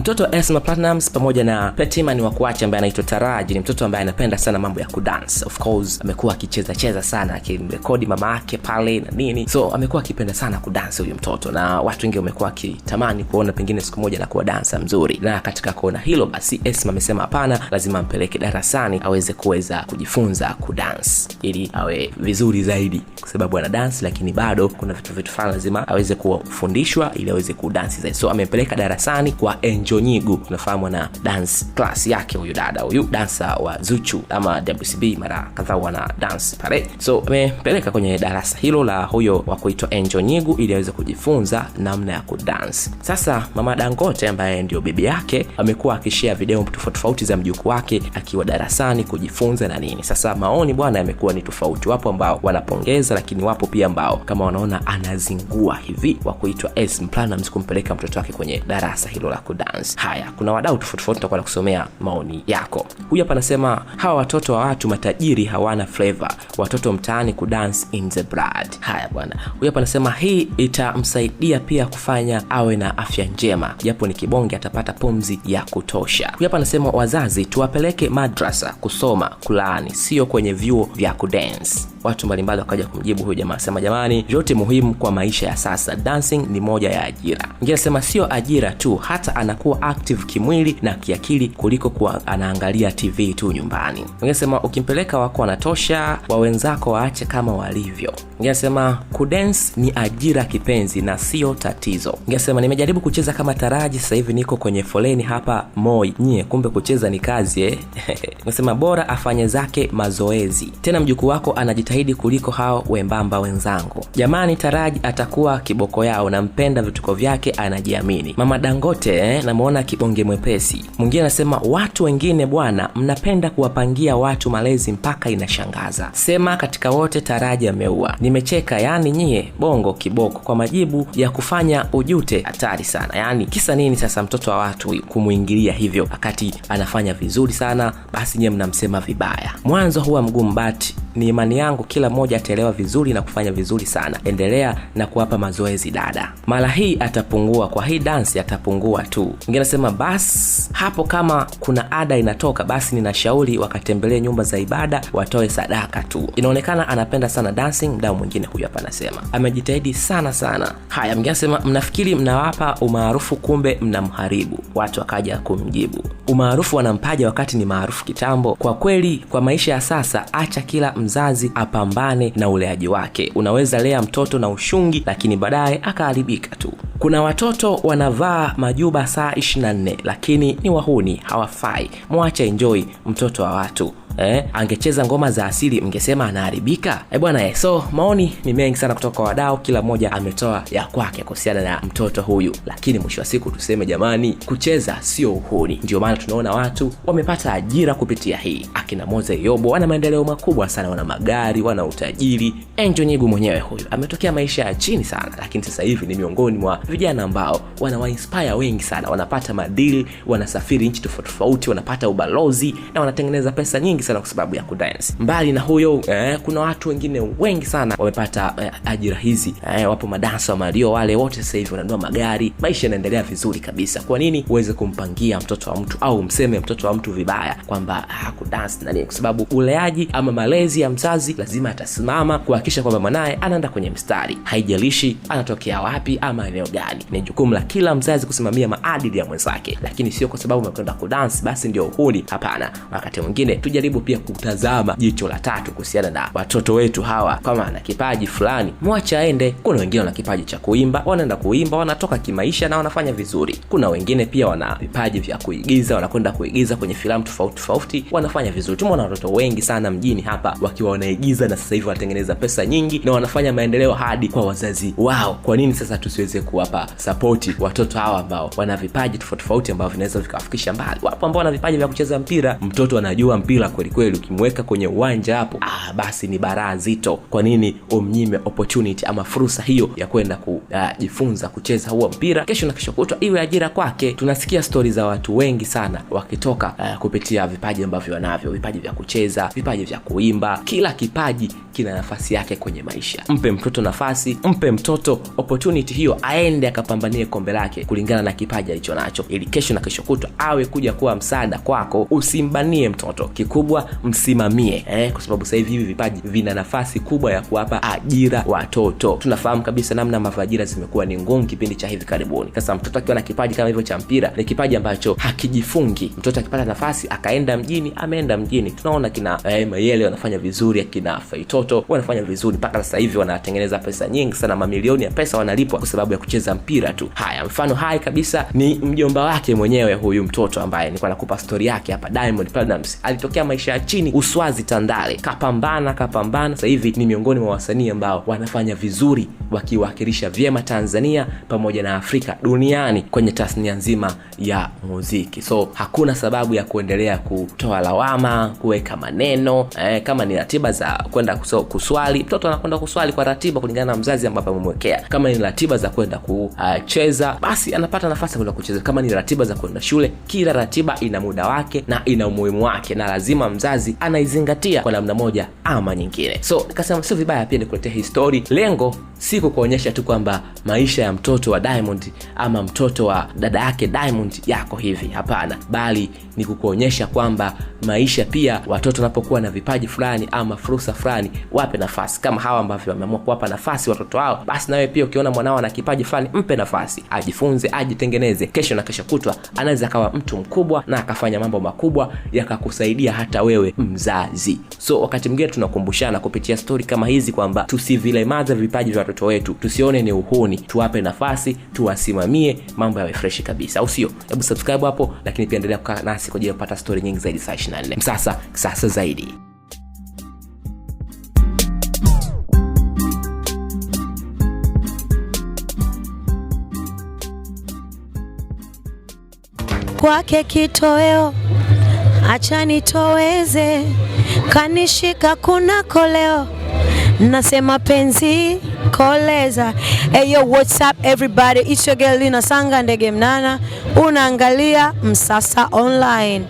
Mtoto wa Esma Platnumz pamoja na Platima ni wakuache ambaye anaitwa Taraji ni mtoto ambaye anapenda sana mambo ya kudance. Of course amekuwa akicheza cheza sana akimrekodi mama yake pale na nini, so amekuwa akipenda sana kudance huyu mtoto, na watu wengi wamekuwa akitamani kuona pengine siku moja na kuwa dansa mzuri. Na katika kuona hilo, basi Esma amesema hapana, lazima ampeleke darasani aweze kuweza kujifunza kudance ili awe vizuri zaidi, kwa sababu ana dance lakini bado kuna vitu vitu fulani lazima aweze kufundishwa ili aweze kudansi zaidi, so amempeleka darasani kwa enjoy Jonyigu, unafahamwa na dance class yake huyu dada huyu dansa wa Zuchu ama WCB, mara kadhaa wana dance pale, so amepeleka kwenye darasa hilo la huyo wa kuitwa Angel Nyigu ili aweze kujifunza namna ya kudance. Sasa mama Dangote ambaye ndio bibi yake amekuwa akishea video tofauti tofauti za mjuku wake akiwa darasani kujifunza na nini. Sasa maoni bwana yamekuwa ni tofauti, wapo ambao wanapongeza, lakini wapo pia ambao kama wanaona anazingua hivi, wa kuitwa kumpeleka mtoto wake kwenye darasa hilo la kudance. Conference. Haya, kuna wadau tofauti tofauti kusomea maoni yako. Huyu hapa anasema hawa watoto wa watu matajiri hawana flavor, watoto mtaani ku dance in the blood. Haya bwana, huyu hapa anasema hii itamsaidia pia kufanya awe na afya njema, japo ni kibonge, atapata pumzi ya kutosha. Huyu hapa anasema wazazi tuwapeleke madrasa kusoma kulaani, sio kwenye vyuo vya kudensi watu mbalimbali wakaja kumjibu huyu jamaa, sema jamani, vyote muhimu kwa maisha ya sasa, dancing ni moja ya ajira. Mwingine sio ajira tu, hata anakuwa active kimwili na kiakili kuliko kuwa anaangalia TV tu nyumbani. Mwingine ukimpeleka wako wanatosha, wa wenzako waache kama walivyo. Mwingine asema kudance ni ajira kipenzi, na sio tatizo. Mwingine nimejaribu kucheza kama taraji, sasa hivi niko kwenye foleni hapa Moi. Nyie kumbe kucheza ni kazi eh? Mwingine bora afanye zake mazoezi. Tena mjukuu wako anajita kujitahidi kuliko hao wembamba wenzangu. Jamani, Taraji atakuwa kiboko yao, nampenda vituko vyake, anajiamini. Mama Dangote eh, namwona kibonge mwepesi. Mwingine anasema watu wengine bwana, mnapenda kuwapangia watu malezi mpaka inashangaza. Sema katika wote Taraji ameua. Nimecheka yani nyie bongo kiboko kwa majibu ya kufanya ujute, hatari sana. Yani kisa nini sasa mtoto wa watu kumuingilia hivyo wakati anafanya vizuri sana, basi nyie mnamsema vibaya. Mwanzo huwa mgumu, but ni imani yangu yako kila mmoja ataelewa vizuri na kufanya vizuri sana. Endelea na kuwapa mazoezi dada, mara hii atapungua, kwa hii dansi atapungua tu. Mwingine nasema basi hapo kama kuna ada inatoka, basi ninashauri wakatembelee nyumba za ibada watoe sadaka tu. Inaonekana anapenda sana dancing. mdao mwingine huyu hapa anasema amejitahidi sana sana. Haya, mngine anasema mnafikiri mnawapa umaarufu, kumbe mnamharibu. Watu wakaja kumjibu, umaarufu wanampaja wakati ni maarufu kitambo. Kwa kweli, kwa maisha ya sasa, acha kila mzazi apambane na uleaji wake. Unaweza lea mtoto na ushungi, lakini baadaye akaharibika tu. Kuna watoto wanavaa majuba saa 24 lakini ni wahuni, hawafai. Mwache enjoy mtoto wa watu. Eh, angecheza ngoma za asili mngesema anaharibika eh bwana eh. So maoni ni mengi sana kutoka kwa wadau, kila mmoja ametoa ya kwake kuhusiana na mtoto huyu, lakini mwisho wa siku tuseme jamani, kucheza sio uhuni. Ndio maana tunaona watu wamepata ajira kupitia hii, akina Moze Yobo wana maendeleo makubwa sana, wana magari, wana utajiri. Enjo Nyigu mwenyewe huyu ametokea maisha ya chini sana, lakini sasa hivi ni miongoni mwa vijana ambao wanawainspire wengi sana, wanapata madili, wanasafiri nchi tofauti tofauti, wanapata ubalozi na wanatengeneza pesa nyingi sana kwa sababu ya kudance. Mbali na huyo eh, kuna watu wengine wengi sana wamepata eh, ajira hizi eh, wapo madansa wa wale wote sasa hivi wananua magari, maisha yanaendelea vizuri kabisa. Kwa nini uweze kumpangia mtoto wa mtu au mseme mtoto wa mtu vibaya kwamba hakudance na nini? Kwa sababu uleaji ama malezi ya mzazi lazima atasimama kuhakikisha kwamba mwanaye anaenda kwenye mstari, haijalishi anatokea wapi ama eneo gani burudani. Ni jukumu la kila mzazi kusimamia maadili ya mwenzake, lakini sio kwa sababu umekwenda kudansi basi ndio uhuni. Hapana, wakati mwingine tujaribu pia kutazama jicho la tatu kuhusiana na watoto wetu hawa. Kama ana kipaji fulani, mwache aende. Kuna wengine wana kipaji cha kuimba, wanaenda kuimba, wanatoka kimaisha na wanafanya vizuri. Kuna wengine pia wana vipaji vya kuigiza, wanakwenda kuigiza kwenye filamu tofauti tofauti, wanafanya vizuri. Tumeona watoto wengi sana mjini hapa wakiwa wanaigiza na sasa hivi wanatengeneza pesa nyingi na wanafanya maendeleo hadi kwa wazazi wao. Kwa nini sasa tusiweze kuwa kuwapa sapoti watoto hawa ambao wana vipaji tofauti tofauti ambavyo vinaweza vikawafikisha mbali wapo ambao wana vipaji vya kucheza mpira mtoto anajua mpira kwelikweli ukimweka kwenye uwanja hapo ah, basi ni baraa zito kwa nini umnyime opportunity ama fursa hiyo ya kwenda kujifunza ah, uh, kucheza huo mpira kesho na kesho kutwa iwe ajira kwake tunasikia stori za watu wengi sana wakitoka uh, kupitia vipaji ambavyo wanavyo vipaji vya kucheza vipaji vya kuimba kila kipaji kina nafasi yake kwenye maisha mpe mtoto nafasi mpe mtoto opportunity hiyo aende aende akapambanie kombe lake kulingana na kipaji alicho nacho, ili kesho na kesho kutwa awe kuja kuwa msaada kwako. Usimbanie mtoto, kikubwa msimamie eh, kwa sababu sasa hivi hivi vipaji vina nafasi kubwa ya kuwapa ajira watoto. Tunafahamu kabisa namna ambavyo ajira zimekuwa ni ngumu kipindi cha hivi karibuni. Sasa mtoto akiwa na kipaji kama hivyo cha mpira, ni kipaji ambacho hakijifungi. Mtoto akipata nafasi akaenda mjini, ameenda mjini. Tunaona kina eh, Mayele wanafanya vizuri, akina Faitoto wanafanya vizuri mpaka sasa hivi, wanatengeneza pesa nyingi sana, mamilioni ya pesa wanalipwa kwa sababu ya kucheza kucheza mpira tu. Haya, mfano hai kabisa ni mjomba wake mwenyewe huyu mtoto ambaye nilikuwa nakupa stori yake hapa. Diamond Platinums. alitokea maisha ya chini, Uswazi, Tandale, kapambana kapambana, sasa hivi ni miongoni mwa wasanii ambao wanafanya vizuri wakiwakilisha vyema Tanzania pamoja na Afrika duniani kwenye tasnia nzima ya muziki. So hakuna sababu ya kuendelea kutoa lawama, kuweka maneno eh, kama ni ratiba za kwenda kuswali, mtoto anakwenda kuswali kwa ratiba kulingana na mzazi ambapo amemwekea. Kama ni ratiba za kwenda kucheza, basi anapata nafasi ya kucheza. Kama ni ratiba za kwenda shule, kila ratiba ina muda wake na ina umuhimu wake, na lazima mzazi anaizingatia kwa namna moja ama nyingine. So nikasema sio vibaya pia nikuletea histori lengo si kwa kuonyesha tu kwamba maisha ya mtoto wa Diamond ama mtoto wa dada yake Diamond yako hivi, hapana, bali ni kukuonyesha kwamba maisha pia, watoto wanapokuwa na vipaji fulani ama fursa fulani, wape nafasi, kama hawa ambavyo wameamua kuwapa nafasi watoto wao, basi nawe pia ukiona mwanao ana kipaji fulani, mpe nafasi, ajifunze, ajitengeneze, kesho na kesho kutwa anaweza akawa mtu mkubwa na akafanya mambo makubwa yakakusaidia hata wewe mzazi. So wakati mwingine tunakumbushana kupitia stori kama hizi kwamba tusivilemaza vipaji vya watoto wetu, tusione ni uhuni, tuwape nafasi, tuwasimamie, mambo yawe freshi kabisa, au sio? Hebu subscribe hapo, lakini pia endelea kukaa nasi kwa ajili ya kupata stori nyingi zaidi saa 24 Msasa sasa zaidi. kwake kitoweo, acha nitoweze, kanishika kunako leo, nasema penzi koleza. Hey yo, what's up everybody? It's your girl Lina Sanga ndege mnana, unaangalia Msasa Online.